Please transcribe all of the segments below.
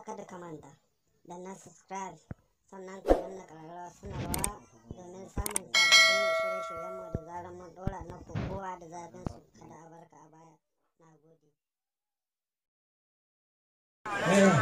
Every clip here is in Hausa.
kuma kada ka manta da na subscribe sannan ka danna ƙararrawa sanarwa domin samun sababbin shirye-shiryenmu da zarar mun ɗora na kowa da zafin su kada a a baya na gode Yeah.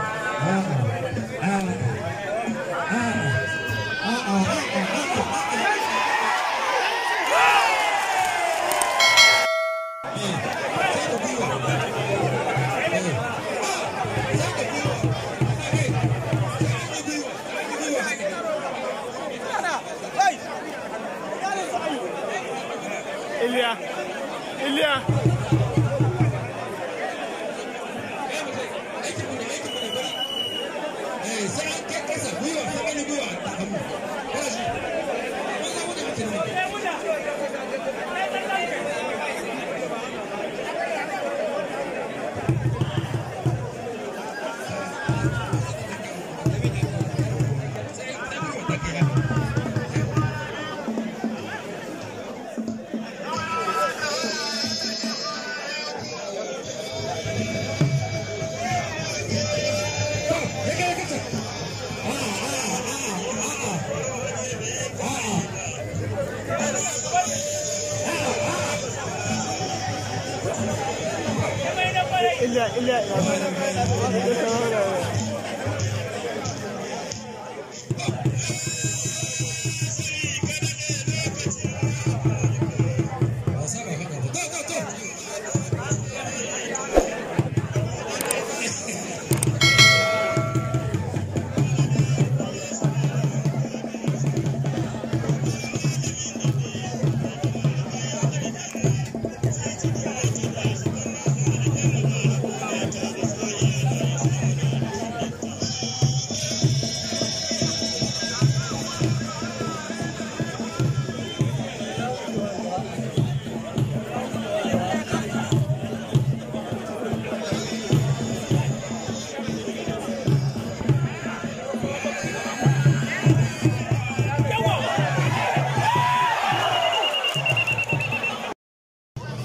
Ilya. Ilya. Thank eh, you. illa illa ya